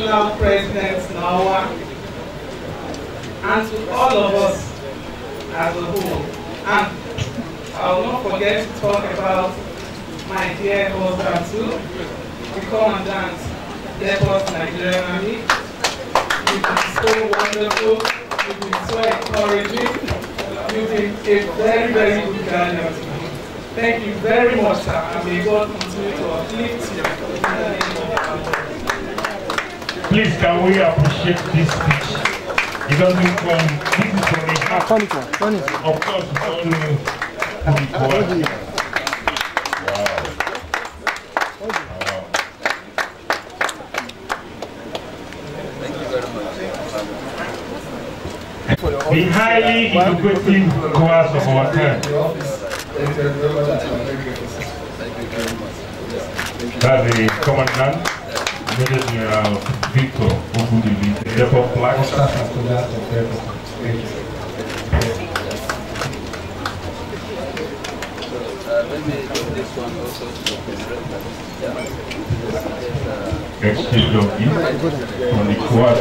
National President Nawa, and to all of us as a whole. And I will not forget to talk about my dear husband too, the commandant, Airport Nigerian Army. You've been so wonderful, you've been so encouraging, you've been a very, very good guardian to me. Thank you very much, sir, and may God continue to uplift you. Please, can we appreciate this speech? It doesn't come, this is from the heart. Of course, all Wow. Wow. The highly innovative course of our time. That's the commandant. Major-General Victor Ogudili, the plaque. É. you. Excuse me, on the quad.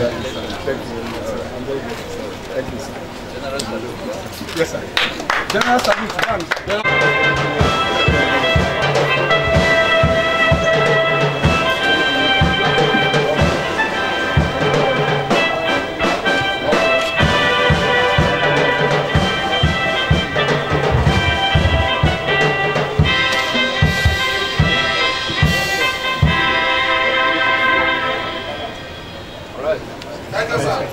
Yes, sir. General Salute, casado.